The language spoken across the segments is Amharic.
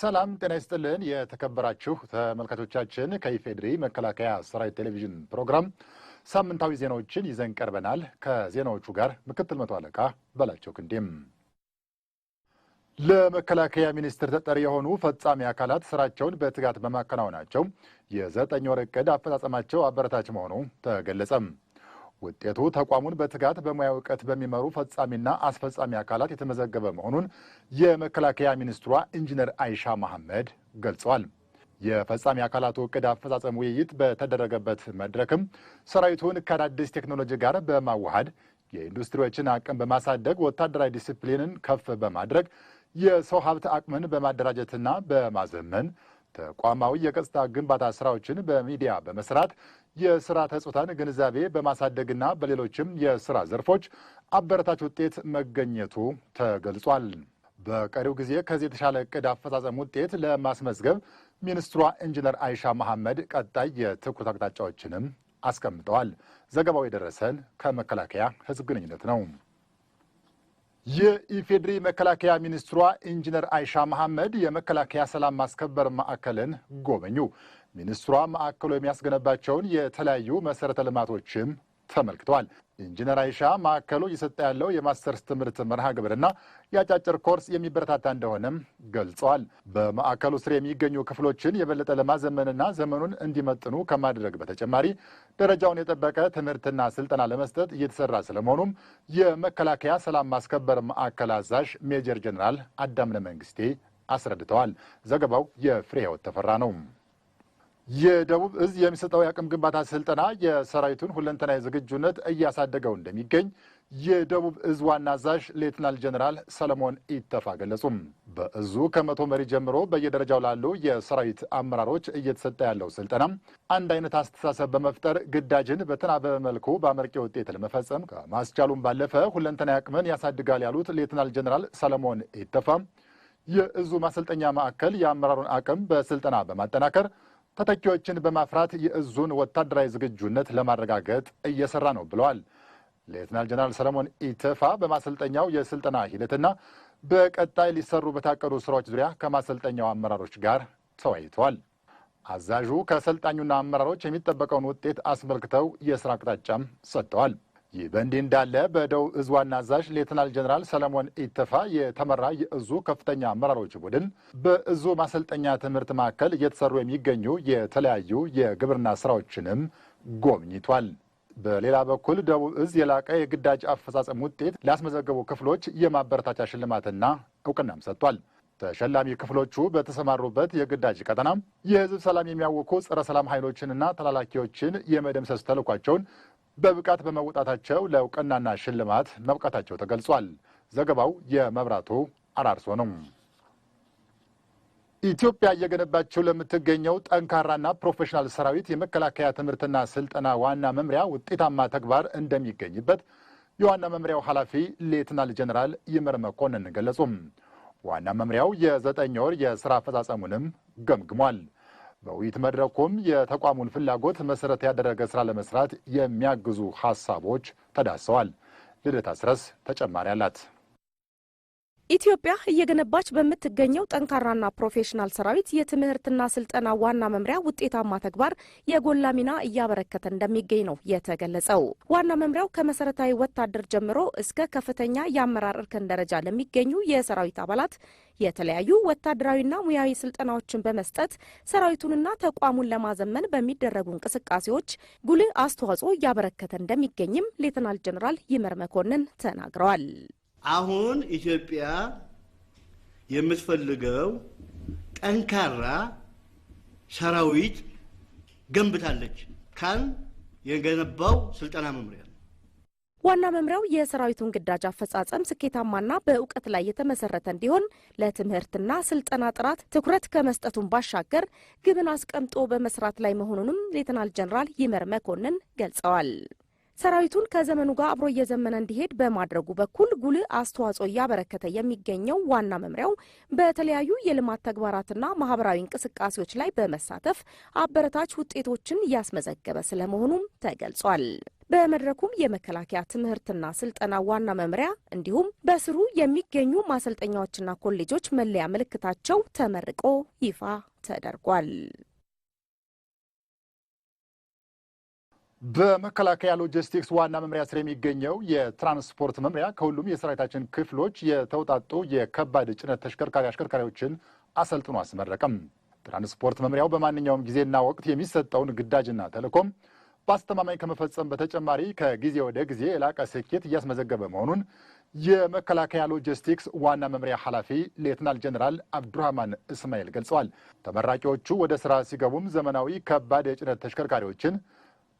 ሰላም ጤና ይስጥልን። የተከበራችሁ ተመልካቾቻችን ከኢፌድሪ መከላከያ ሰራዊት ቴሌቪዥን ፕሮግራም ሳምንታዊ ዜናዎችን ይዘን ቀርበናል። ከዜናዎቹ ጋር ምክትል መቶ አለቃ በላቸው ክንዴም። ለመከላከያ ሚኒስቴር ተጠሪ የሆኑ ፈጻሚ አካላት ስራቸውን በትጋት በማከናወናቸው የዘጠኝ ወር ዕቅድ አፈጻጸማቸው አበረታች መሆኑ ተገለጸም። ውጤቱ ተቋሙን በትጋት በሙያ እውቀት በሚመሩ ፈጻሚና አስፈጻሚ አካላት የተመዘገበ መሆኑን የመከላከያ ሚኒስትሯ ኢንጂነር አይሻ መሐመድ ገልጸዋል። የፈጻሚ አካላቱ እቅድ አፈጻጸም ውይይት በተደረገበት መድረክም ሰራዊቱን ከአዳዲስ ቴክኖሎጂ ጋር በማዋሃድ የኢንዱስትሪዎችን አቅም በማሳደግ ወታደራዊ ዲሲፕሊንን ከፍ በማድረግ የሰው ሀብት አቅምን በማደራጀትና በማዘመን ተቋማዊ የገጽታ ግንባታ ስራዎችን በሚዲያ በመስራት የስራ ተጽታን ግንዛቤ በማሳደግና በሌሎችም የስራ ዘርፎች አበረታች ውጤት መገኘቱ ተገልጿል። በቀሪው ጊዜ ከዚህ የተሻለ እቅድ አፈጻጸም ውጤት ለማስመዝገብ ሚኒስትሯ ኢንጂነር አይሻ መሐመድ ቀጣይ የትኩረት አቅጣጫዎችንም አስቀምጠዋል። ዘገባው የደረሰን ከመከላከያ ህዝብ ግንኙነት ነው። የኢፌዴሪ መከላከያ ሚኒስትሯ ኢንጂነር አይሻ መሐመድ የመከላከያ ሰላም ማስከበር ማዕከልን ጎበኙ። ሚኒስትሯ ማዕከሉ የሚያስገነባቸውን የተለያዩ መሰረተ ልማቶችም ተመልክተዋል። ኢንጂነር አይሻ ማዕከሉ እየሰጠ ያለው የማስተርስ ትምህርት መርሃ ግብርና የአጫጭር ኮርስ የሚበረታታ እንደሆነም ገልጸዋል። በማዕከሉ ስር የሚገኙ ክፍሎችን የበለጠ ለማዘመንና ዘመኑን እንዲመጥኑ ከማድረግ በተጨማሪ ደረጃውን የጠበቀ ትምህርትና ስልጠና ለመስጠት እየተሰራ ስለመሆኑም የመከላከያ ሰላም ማስከበር ማዕከል አዛዥ ሜጀር ጀኔራል አዳምነ መንግስቴ አስረድተዋል። ዘገባው የፍሬ ህይወት ተፈራ ነው። የደቡብ እዝ የሚሰጠው የአቅም ግንባታ ስልጠና የሰራዊቱን ሁለንተናዊ ዝግጁነት እያሳደገው እንደሚገኝ የደቡብ እዝ ዋና አዛዥ ሌትናል ጀኔራል ሰለሞን ኢተፋ ገለጹም። በእዙ ከመቶ መሪ ጀምሮ በየደረጃው ላሉ የሰራዊት አመራሮች እየተሰጠ ያለው ስልጠና አንድ አይነት አስተሳሰብ በመፍጠር ግዳጅን በተናበ መልኩ በአመርቂ ውጤት ለመፈጸም ከማስቻሉም ባለፈ ሁለንተናዊ አቅምን ያሳድጋል ያሉት ሌትናል ጀኔራል ሰለሞን ኢተፋ የእዙ ማሰልጠኛ ማዕከል የአመራሩን አቅም በስልጠና በማጠናከር ተተኪዎችን በማፍራት የእዙን ወታደራዊ ዝግጁነት ለማረጋገጥ እየሰራ ነው ብለዋል። ሌትናል ጀነራል ሰለሞን ኢተፋ በማሰልጠኛው የስልጠና ሂደትና በቀጣይ ሊሰሩ በታቀዱ ስራዎች ዙሪያ ከማሰልጠኛው አመራሮች ጋር ተወያይተዋል። አዛዡ ከሰልጣኙና አመራሮች የሚጠበቀውን ውጤት አስመልክተው የስራ አቅጣጫም ሰጥተዋል። ይህ በእንዲህ እንዳለ በደቡብ እዝ ዋና አዛዥ ሌትናል ጀኔራል ሰለሞን ኢተፋ የተመራ የእዙ ከፍተኛ አመራሮች ቡድን በእዙ ማሰልጠኛ ትምህርት ማዕከል እየተሰሩ የሚገኙ የተለያዩ የግብርና ስራዎችንም ጎብኝቷል። በሌላ በኩል ደቡብ እዝ የላቀ የግዳጅ አፈጻጸም ውጤት ላስመዘገቡ ክፍሎች የማበረታቻ ሽልማትና እውቅናም ሰጥቷል። ተሸላሚ ክፍሎቹ በተሰማሩበት የግዳጅ ቀጠና የህዝብ ሰላም የሚያውኩ ጸረ ሰላም ኃይሎችንና ተላላኪዎችን የመደምሰስ ተልኳቸውን በብቃት በመውጣታቸው ለእውቅናና ሽልማት መብቃታቸው ተገልጿል። ዘገባው የመብራቱ አራርሶ ነው። ኢትዮጵያ እየገነባቸው ለምትገኘው ጠንካራና ፕሮፌሽናል ሰራዊት የመከላከያ ትምህርትና ስልጠና ዋና መምሪያ ውጤታማ ተግባር እንደሚገኝበት የዋና መምሪያው ኃላፊ ሌትናል ጀኔራል ይመር መኮንን ገለጹም። ዋና መምሪያው የዘጠኝ ወር የስራ አፈጻጸሙንም ገምግሟል። በውይይት መድረኩም የተቋሙን ፍላጎት መሰረት ያደረገ ስራ ለመስራት የሚያግዙ ሀሳቦች ተዳሰዋል። ልደታ ስረስ ተጨማሪ አላት። ኢትዮጵያ እየገነባች በምትገኘው ጠንካራና ፕሮፌሽናል ሰራዊት የትምህርትና ስልጠና ዋና መምሪያ ውጤታማ ተግባር የጎላ ሚና እያበረከተ እንደሚገኝ ነው የተገለጸው። ዋና መምሪያው ከመሰረታዊ ወታደር ጀምሮ እስከ ከፍተኛ የአመራር እርከን ደረጃ ለሚገኙ የሰራዊት አባላት የተለያዩ ወታደራዊና ሙያዊ ስልጠናዎችን በመስጠት ሰራዊቱንና ተቋሙን ለማዘመን በሚደረጉ እንቅስቃሴዎች ጉልህ አስተዋጽኦ እያበረከተ እንደሚገኝም ሌተናል ጀኔራል ይመር መኮንን ተናግረዋል። አሁን ኢትዮጵያ የምትፈልገው ጠንካራ ሰራዊት ገንብታለች። ካን የገነባው ስልጠና መምሪያ ዋና መምሪያው የሰራዊቱን ግዳጅ አፈጻጸም ስኬታማና በእውቀት ላይ የተመሰረተ እንዲሆን ለትምህርትና ስልጠና ጥራት ትኩረት ከመስጠቱን ባሻገር ግብን አስቀምጦ በመስራት ላይ መሆኑንም ሌተናል ጀኔራል ይመር መኮንን ገልጸዋል። ሰራዊቱን ከዘመኑ ጋር አብሮ እየዘመነ እንዲሄድ በማድረጉ በኩል ጉልህ አስተዋጽኦ እያበረከተ የሚገኘው ዋና መምሪያው በተለያዩ የልማት ተግባራትና ማህበራዊ እንቅስቃሴዎች ላይ በመሳተፍ አበረታች ውጤቶችን እያስመዘገበ ስለመሆኑም ተገልጿል። በመድረኩም የመከላከያ ትምህርትና ስልጠና ዋና መምሪያ እንዲሁም በስሩ የሚገኙ ማሰልጠኛዎችና ኮሌጆች መለያ ምልክታቸው ተመርቆ ይፋ ተደርጓል። በመከላከያ ሎጂስቲክስ ዋና መምሪያ ስር የሚገኘው የትራንስፖርት መምሪያ ከሁሉም የሰራዊታችን ክፍሎች የተውጣጡ የከባድ ጭነት ተሽከርካሪ አሽከርካሪዎችን አሰልጥኖ አስመረቀም። ትራንስፖርት መምሪያው በማንኛውም ጊዜና ወቅት የሚሰጠውን ግዳጅና ተልዕኮም በአስተማማኝ ከመፈጸም በተጨማሪ ከጊዜ ወደ ጊዜ የላቀ ስኬት እያስመዘገበ መሆኑን የመከላከያ ሎጂስቲክስ ዋና መምሪያ ኃላፊ ሌትናል ጀኔራል አብዱራህማን እስማኤል ገልጸዋል። ተመራቂዎቹ ወደ ስራ ሲገቡም ዘመናዊ ከባድ የጭነት ተሽከርካሪዎችን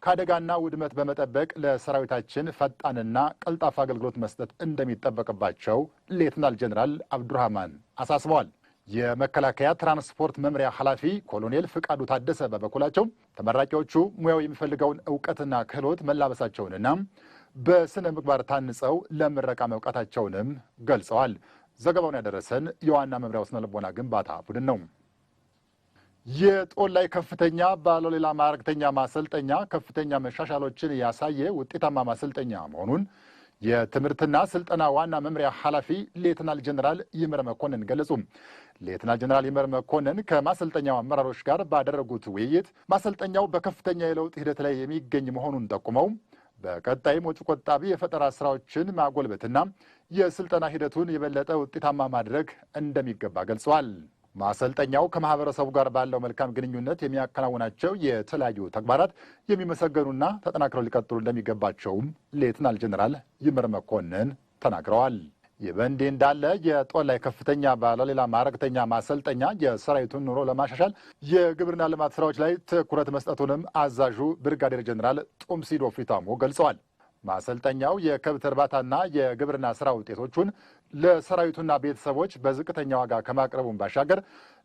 ከአደጋና ውድመት በመጠበቅ ለሰራዊታችን ፈጣንና ቀልጣፋ አገልግሎት መስጠት እንደሚጠበቅባቸው ሌትናል ጀኔራል አብዱራህማን አሳስበዋል። የመከላከያ ትራንስፖርት መምሪያ ኃላፊ ኮሎኔል ፍቃዱ ታደሰ በበኩላቸው ተመራቂዎቹ ሙያው የሚፈልገውን እውቀትና ክህሎት መላበሳቸውንና በስነ ምግባር ታንጸው ለምረቃ መብቃታቸውንም ገልጸዋል። ዘገባውን ያደረሰን የዋና መምሪያው ስነ ልቦና ግንባታ ቡድን ነው። የጦር ላይ ከፍተኛ ባለሌላ ማዕረግተኛ ማሰልጠኛ ከፍተኛ መሻሻሎችን ያሳየ ውጤታማ ማሰልጠኛ መሆኑን የትምህርትና ስልጠና ዋና መምሪያ ኃላፊ ሌትናል ጀኔራል ይመር መኮንን ገለጹ። ሌትናል ጀኔራል ይመር መኮንን ከማሰልጠኛው አመራሮች ጋር ባደረጉት ውይይት ማሰልጠኛው በከፍተኛ የለውጥ ሂደት ላይ የሚገኝ መሆኑን ጠቁመው በቀጣይም ወጪ ቆጣቢ የፈጠራ ስራዎችን ማጎልበትና የስልጠና ሂደቱን የበለጠ ውጤታማ ማድረግ እንደሚገባ ገልጸዋል። ማሰልጠኛው ከማህበረሰቡ ጋር ባለው መልካም ግንኙነት የሚያከናውናቸው የተለያዩ ተግባራት የሚመሰገኑና ተጠናክረው ሊቀጥሉ እንደሚገባቸውም ሌትናል ጀኔራል ይምር መኮንን ተናግረዋል። ይህ በእንዲህ እንዳለ የጦር ላይ ከፍተኛ ባለሌላ ማዕረግተኛ ማሰልጠኛ የሰራዊቱን ኑሮ ለማሻሻል የግብርና ልማት ስራዎች ላይ ትኩረት መስጠቱንም አዛዡ ብርጋዴር ጀኔራል ጡምሲዶ ፊታሞ ገልጸዋል። ማሰልጠኛው የከብት እርባታና የግብርና ስራ ውጤቶቹን ለሰራዊቱና ቤተሰቦች በዝቅተኛ ዋጋ ከማቅረቡን ባሻገር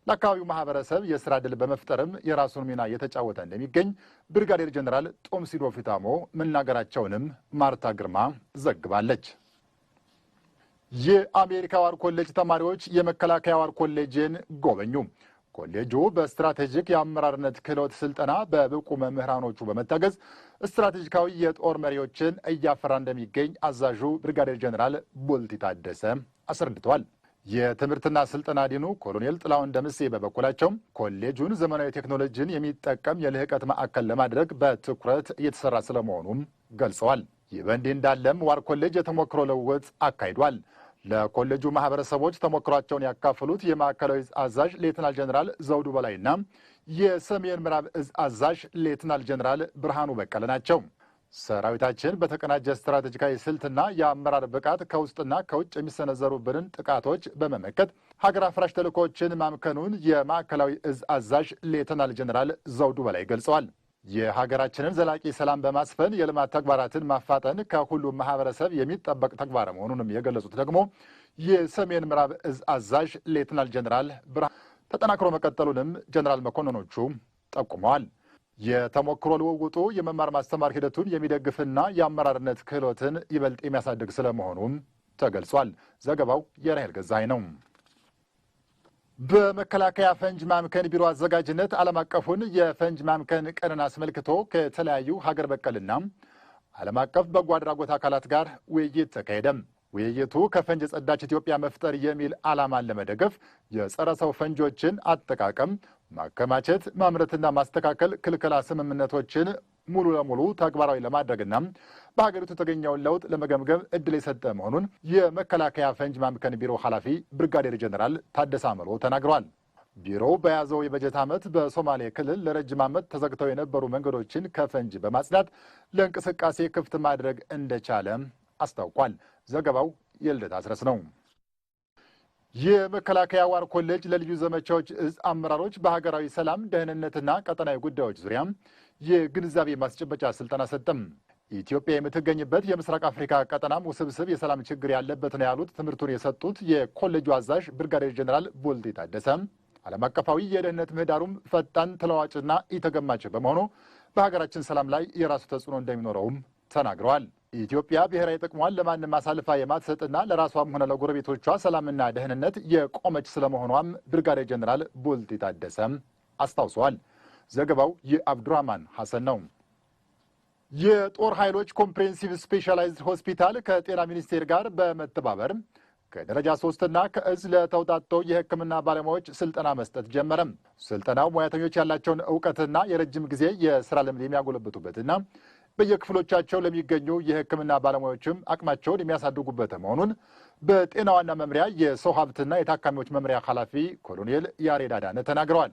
ለአካባቢው ማህበረሰብ የስራ ዕድል በመፍጠርም የራሱን ሚና እየተጫወተ እንደሚገኝ ብርጋዴር ጀኔራል ጦምሲዶ ፊታሞ መናገራቸውንም ማርታ ግርማ ዘግባለች። የአሜሪካ ዋር ኮሌጅ ተማሪዎች የመከላከያ ዋር ኮሌጅን ጎበኙ። ኮሌጁ በስትራቴጂክ የአመራርነት ክህሎት ስልጠና በብቁ መምህራኖቹ በመታገዝ ስትራቴጂካዊ የጦር መሪዎችን እያፈራ እንደሚገኝ አዛዡ ብርጋዴር ጀኔራል ቦልቲ ታደሰ አስረድተዋል። የትምህርትና ስልጠና ዲኑ ኮሎኔል ጥላሁን ደምሴ በበኩላቸው ኮሌጁን ዘመናዊ ቴክኖሎጂን የሚጠቀም የልህቀት ማዕከል ለማድረግ በትኩረት እየተሰራ ስለመሆኑም ገልጸዋል። ይህ በእንዲህ እንዳለም ዋር ኮሌጅ የተሞክሮ ልውውጥ አካሂዷል። ለኮሌጁ ማህበረሰቦች ተሞክሯቸውን ያካፈሉት የማዕከላዊ እዝ አዛዥ ሌትናል ጀኔራል ዘውዱ በላይና የሰሜን ምዕራብ እዝ አዛዥ ሌትናል ጀኔራል ብርሃኑ በቀለ ናቸው። ሰራዊታችን በተቀናጀ ስትራቴጂካዊ ስልትና የአመራር ብቃት ከውስጥና ከውጭ የሚሰነዘሩብንን ጥቃቶች በመመከት ሀገር አፍራሽ ተልዕኮዎችን ማምከኑን የማዕከላዊ እዝ አዛዥ ሌተናል ጀኔራል ዘውዱ በላይ ገልጸዋል። የሀገራችንን ዘላቂ ሰላም በማስፈን የልማት ተግባራትን ማፋጠን ከሁሉም ማህበረሰብ የሚጠበቅ ተግባር መሆኑንም የገለጹት ደግሞ የሰሜን ምዕራብ እዝ አዛዥ ሌትናል ጀኔራል ብርሃኑ ተጠናክሮ መቀጠሉንም ጀኔራል መኮንኖቹ ጠቁመዋል። የተሞክሮ ልውውጡ የመማር ማስተማር ሂደቱን የሚደግፍና የአመራርነት ክህሎትን ይበልጥ የሚያሳድግ ስለመሆኑም ተገልጿል። ዘገባው የራሄል ገዛኸኝ ነው። በመከላከያ ፈንጅ ማምከን ቢሮ አዘጋጅነት ዓለም አቀፉን የፈንጅ ማምከን ቀንን አስመልክቶ ከተለያዩ ሀገር በቀልና ዓለም አቀፍ በጎ አድራጎት አካላት ጋር ውይይት ተካሄደም። ውይይቱ ከፈንጅ የጸዳች ኢትዮጵያ መፍጠር የሚል ዓላማን ለመደገፍ የጸረ ሰው ፈንጆችን አጠቃቀም፣ ማከማቸት፣ ማምረትና ማስተካከል ክልከላ ስምምነቶችን ሙሉ ለሙሉ ተግባራዊ ለማድረግና በሀገሪቱ የተገኘውን ለውጥ ለመገምገም እድል የሰጠ መሆኑን የመከላከያ ፈንጅ ማምከን ቢሮ ኃላፊ ብርጋዴር ጀኔራል ታደሰ አመሮ ተናግሯል። ቢሮው በያዘው የበጀት ዓመት በሶማሌ ክልል ለረጅም ዓመት ተዘግተው የነበሩ መንገዶችን ከፈንጅ በማጽዳት ለእንቅስቃሴ ክፍት ማድረግ እንደቻለ አስታውቋል። ዘገባው የልደት አስረስ ነው። የመከላከያ ዋር ኮሌጅ ለልዩ ዘመቻዎች እዝ አመራሮች በሀገራዊ ሰላም፣ ደህንነትና ቀጠናዊ ጉዳዮች ዙሪያ የግንዛቤ ማስጨበጫ ስልጠና ሰጠም። ኢትዮጵያ የምትገኝበት የምስራቅ አፍሪካ ቀጠናም ውስብስብ የሰላም ችግር ያለበት ነው ያሉት ትምህርቱን የሰጡት የኮሌጁ አዛዥ ብርጋዴር ጀኔራል ቦልቴ ታደሰ ዓለም አቀፋዊ የደህንነት ምህዳሩም ፈጣን ተለዋጭና ኢተገማች በመሆኑ በሀገራችን ሰላም ላይ የራሱ ተጽዕኖ እንደሚኖረውም ተናግረዋል። ኢትዮጵያ ብሔራዊ ጥቅሟን ለማንም አሳልፋ የማትሰጥና ለራሷም ሆነ ለጎረቤቶቿ ሰላምና ደህንነት የቆመች ስለመሆኗም ብርጋዴር ጀኔራል ቦልቲ ታደሰ አስታውሰዋል። ዘገባው የአብዱራህማን ሐሰን ነው። የጦር ኃይሎች ኮምፕሬሄንሲቭ ስፔሻላይዝድ ሆስፒታል ከጤና ሚኒስቴር ጋር በመተባበር ከደረጃ ሶስትና ከእዝ ለተውጣጠው የሕክምና ባለሙያዎች ስልጠና መስጠት ጀመረም። ስልጠናው ሙያተኞች ያላቸውን እውቀትና የረጅም ጊዜ የስራ ልምድ የሚያጎለብቱበትና በየክፍሎቻቸው ለሚገኙ የሕክምና ባለሙያዎችም አቅማቸውን የሚያሳድጉበት መሆኑን በጤና ዋና መምሪያ የሰው ሀብትና የታካሚዎች መምሪያ ኃላፊ ኮሎኔል ያሬድ አዳነ ተናግረዋል።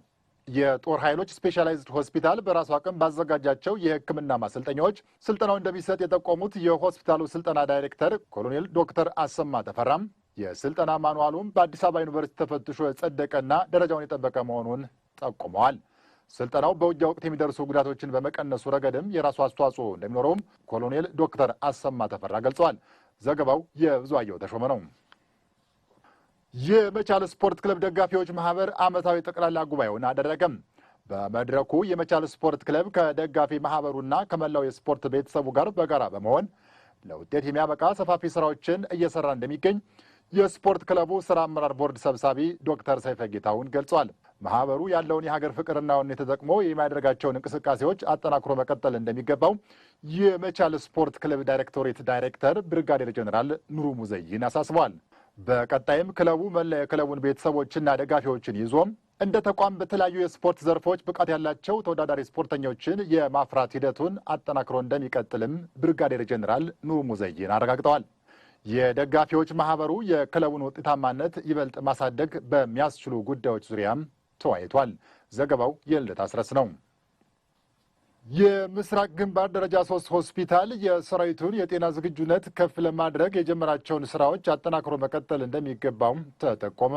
የጦር ኃይሎች ስፔሻላይዝድ ሆስፒታል በራሱ አቅም ባዘጋጃቸው የሕክምና ማሰልጠኛዎች ስልጠናው እንደሚሰጥ የጠቆሙት የሆስፒታሉ ስልጠና ዳይሬክተር ኮሎኔል ዶክተር አሰማ ተፈራም የስልጠና ማኑዋሉም በአዲስ አበባ ዩኒቨርሲቲ ተፈትሾ የጸደቀና ደረጃውን የጠበቀ መሆኑን ጠቁመዋል። ስልጠናው በውጊያ ወቅት የሚደርሱ ጉዳቶችን በመቀነሱ ረገድም የራሱ አስተዋጽኦ እንደሚኖረውም ኮሎኔል ዶክተር አሰማ ተፈራ ገልጸዋል። ዘገባው የብዙአየሁ ተሾመ ነው። የመቻል ስፖርት ክለብ ደጋፊዎች ማህበር ዓመታዊ ጠቅላላ ጉባኤውን አደረገም። በመድረኩ የመቻል ስፖርት ክለብ ከደጋፊ ማህበሩና ከመላው የስፖርት ቤተሰቡ ጋር በጋራ በመሆን ለውጤት የሚያበቃ ሰፋፊ ስራዎችን እየሰራ እንደሚገኝ የስፖርት ክለቡ ስራ አመራር ቦርድ ሰብሳቢ ዶክተር ሰይፈ ጌታሁን ገልጿል። ማህበሩ ያለውን የሀገር ፍቅርና ወኔ ተጠቅሞ የሚያደርጋቸውን እንቅስቃሴዎች አጠናክሮ መቀጠል እንደሚገባው የመቻል ስፖርት ክለብ ዳይሬክቶሬት ዳይሬክተር ብርጋዴር ጀኔራል ኑሩ ሙዘይን አሳስቧል በቀጣይም ክለቡ መለያ የክለቡን ቤተሰቦችና ደጋፊዎችን ይዞም እንደ ተቋም በተለያዩ የስፖርት ዘርፎች ብቃት ያላቸው ተወዳዳሪ ስፖርተኞችን የማፍራት ሂደቱን አጠናክሮ እንደሚቀጥልም ብርጋዴር ጀኔራል ኑሩ ሙዘይን አረጋግጠዋል። የደጋፊዎች ማህበሩ የክለቡን ውጤታማነት ይበልጥ ማሳደግ በሚያስችሉ ጉዳዮች ዙሪያም ተወያይቷል። ዘገባው የልደት አስረስ ነው። የምስራቅ ግንባር ደረጃ ሶስት ሆስፒታል የሰራዊቱን የጤና ዝግጁነት ከፍ ለማድረግ የጀመራቸውን ስራዎች አጠናክሮ መቀጠል እንደሚገባውም ተጠቆመ።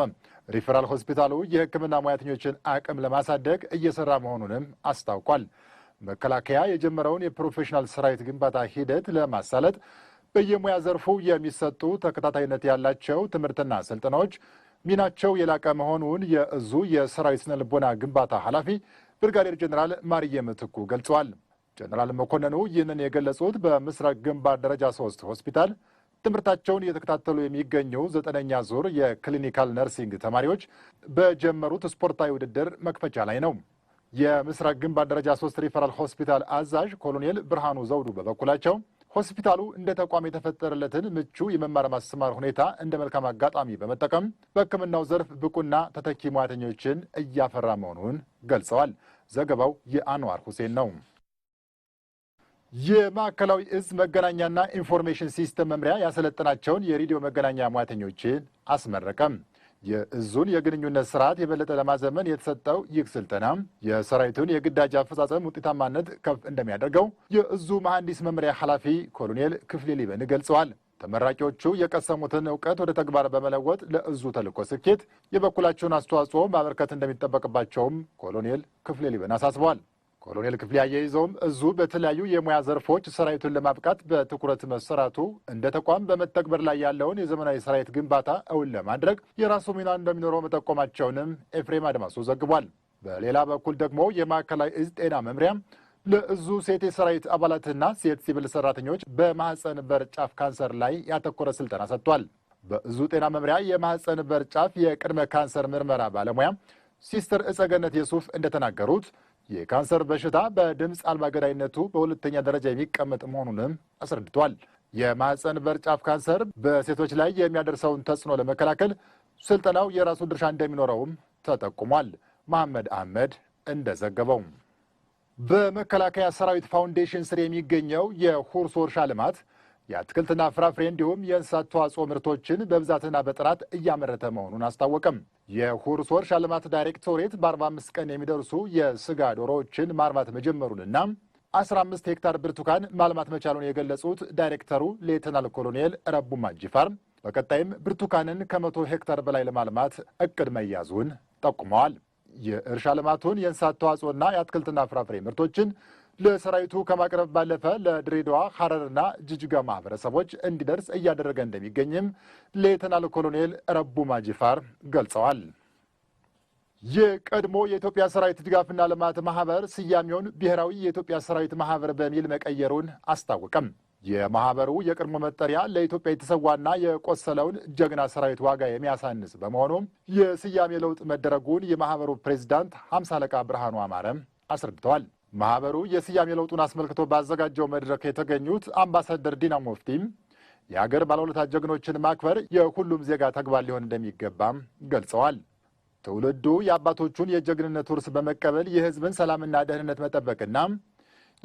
ሪፈራል ሆስፒታሉ የሕክምና ሙያተኞችን አቅም ለማሳደግ እየሰራ መሆኑንም አስታውቋል። መከላከያ የጀመረውን የፕሮፌሽናል ሰራዊት ግንባታ ሂደት ለማሳለጥ በየሙያ ዘርፉ የሚሰጡ ተከታታይነት ያላቸው ትምህርትና ስልጠናዎች ሚናቸው የላቀ መሆኑን የእዙ የሰራዊት ስነልቦና ግንባታ ኃላፊ ብርጋዴር ጀኔራል ማርየም ምትኩ ገልጸዋል። ጀኔራል መኮንኑ ይህንን የገለጹት በምስራቅ ግንባር ደረጃ ሶስት ሆስፒታል ትምህርታቸውን እየተከታተሉ የሚገኙ ዘጠነኛ ዙር የክሊኒካል ነርሲንግ ተማሪዎች በጀመሩት ስፖርታዊ ውድድር መክፈቻ ላይ ነው። የምስራቅ ግንባር ደረጃ ሶስት ሪፈራል ሆስፒታል አዛዥ ኮሎኔል ብርሃኑ ዘውዱ በበኩላቸው ሆስፒታሉ እንደ ተቋም የተፈጠረለትን ምቹ የመማር ማስተማር ሁኔታ እንደ መልካም አጋጣሚ በመጠቀም በሕክምናው ዘርፍ ብቁና ተተኪ ሙያተኞችን እያፈራ መሆኑን ገልጸዋል። ዘገባው የአንዋር ሁሴን ነው። የማዕከላዊ እዝ መገናኛና ኢንፎርሜሽን ሲስተም መምሪያ ያሰለጠናቸውን የሬዲዮ መገናኛ ሙያተኞችን አስመረቀም። የእዙን የግንኙነት ስርዓት የበለጠ ለማዘመን የተሰጠው ይህ ስልጠና የሰራዊቱን የግዳጅ አፈጻጸም ውጤታማነት ከፍ እንደሚያደርገው የእዙ መሐንዲስ መምሪያ ኃላፊ ኮሎኔል ክፍሌ ሊበን ገልጸዋል። ተመራቂዎቹ የቀሰሙትን እውቀት ወደ ተግባር በመለወጥ ለእዙ ተልዕኮ ስኬት የበኩላቸውን አስተዋጽኦ ማበርከት እንደሚጠበቅባቸውም ኮሎኔል ክፍሌ ሊበን አሳስበዋል። ኮሎኔል ክፍሌ አያይዘውም እዙ በተለያዩ የሙያ ዘርፎች ሰራዊቱን ለማብቃት በትኩረት መሰራቱ እንደ ተቋም በመተግበር ላይ ያለውን የዘመናዊ ሰራዊት ግንባታ እውን ለማድረግ የራሱ ሚና እንደሚኖረው መጠቆማቸውንም ኤፍሬም አድማሱ ዘግቧል። በሌላ በኩል ደግሞ የማዕከላዊ እዝ ጤና መምሪያ ለእዙ ሴት የሰራዊት አባላትና ሴት ሲቪል ሰራተኞች በማህፀን በር ጫፍ ካንሰር ላይ ያተኮረ ስልጠና ሰጥቷል። በእዙ ጤና መምሪያ የማህፀን በር ጫፍ የቅድመ ካንሰር ምርመራ ባለሙያ ሲስተር እጸገነት የሱፍ እንደተናገሩት የካንሰር በሽታ በድምፅ አልባገዳይነቱ በሁለተኛ ደረጃ የሚቀመጥ መሆኑንም አስረድቷል። የማህፀን በር ጫፍ ካንሰር በሴቶች ላይ የሚያደርሰውን ተጽዕኖ ለመከላከል ስልጠናው የራሱን ድርሻ እንደሚኖረውም ተጠቁሟል። መሐመድ አህመድ እንደዘገበው በመከላከያ ሰራዊት ፋውንዴሽን ስር የሚገኘው የሁርሶ እርሻ ልማት የአትክልትና ፍራፍሬ እንዲሁም የእንስሳት ተዋጽኦ ምርቶችን በብዛትና በጥራት እያመረተ መሆኑን አስታወቀም። የሁርስ እርሻ ልማት ዳይሬክቶሬት በ45 ቀን የሚደርሱ የስጋ ዶሮዎችን ማርባት መጀመሩንና 15 ሄክታር ብርቱካን ማልማት መቻሉን የገለጹት ዳይሬክተሩ ሌተናል ኮሎኔል ረቡ ማጅፋር በቀጣይም ብርቱካንን ከመቶ ሄክታር በላይ ለማልማት እቅድ መያዙን ጠቁመዋል። የእርሻ ልማቱን የእንስሳት ተዋጽኦና የአትክልትና ፍራፍሬ ምርቶችን ለሰራዊቱ ከማቅረብ ባለፈ ለድሬዳዋ ሐረርና ጅጅጋ ማህበረሰቦች እንዲደርስ እያደረገ እንደሚገኝም ሌተናል ኮሎኔል ረቡ ማጂፋር ገልጸዋል። የቀድሞ የኢትዮጵያ ሰራዊት ድጋፍና ልማት ማህበር ስያሜውን ብሔራዊ የኢትዮጵያ ሰራዊት ማህበር በሚል መቀየሩን አስታወቀም። የማህበሩ የቀድሞ መጠሪያ ለኢትዮጵያ የተሰዋና የቆሰለውን ጀግና ሰራዊት ዋጋ የሚያሳንስ በመሆኑም የስያሜ ለውጥ መደረጉን የማህበሩ ፕሬዚዳንት ሀምሳ አለቃ ብርሃኑ አማረም አስረድተዋል። ማህበሩ የስያሜ ለውጡን አስመልክቶ ባዘጋጀው መድረክ የተገኙት አምባሳደር ዲና ሙፍቲም የሀገር ባለውለታ ጀግኖችን ማክበር የሁሉም ዜጋ ተግባር ሊሆን እንደሚገባም ገልጸዋል። ትውልዱ የአባቶቹን የጀግንነት ውርስ በመቀበል የህዝብን ሰላምና ደህንነት መጠበቅና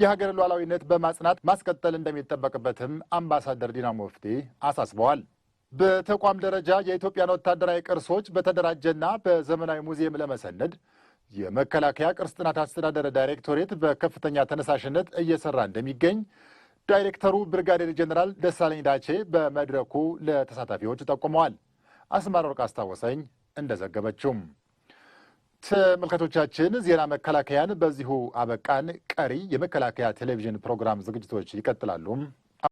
የሀገር ሉዓላዊነት በማጽናት ማስቀጠል እንደሚጠበቅበትም አምባሳደር ዲና ሙፍቲ አሳስበዋል። በተቋም ደረጃ የኢትዮጵያን ወታደራዊ ቅርሶች በተደራጀና በዘመናዊ ሙዚየም ለመሰነድ የመከላከያ ቅርስ ጥናት አስተዳደር ዳይሬክቶሬት በከፍተኛ ተነሳሽነት እየሰራ እንደሚገኝ ዳይሬክተሩ ብርጋዴር ጀኔራል ደሳለኝ ዳቼ በመድረኩ ለተሳታፊዎች ጠቁመዋል። አስማር ወርቅ አስታወሰኝ እንደዘገበችውም። ተመልካቾቻችን ዜና መከላከያን በዚሁ አበቃን። ቀሪ የመከላከያ ቴሌቪዥን ፕሮግራም ዝግጅቶች ይቀጥላሉ።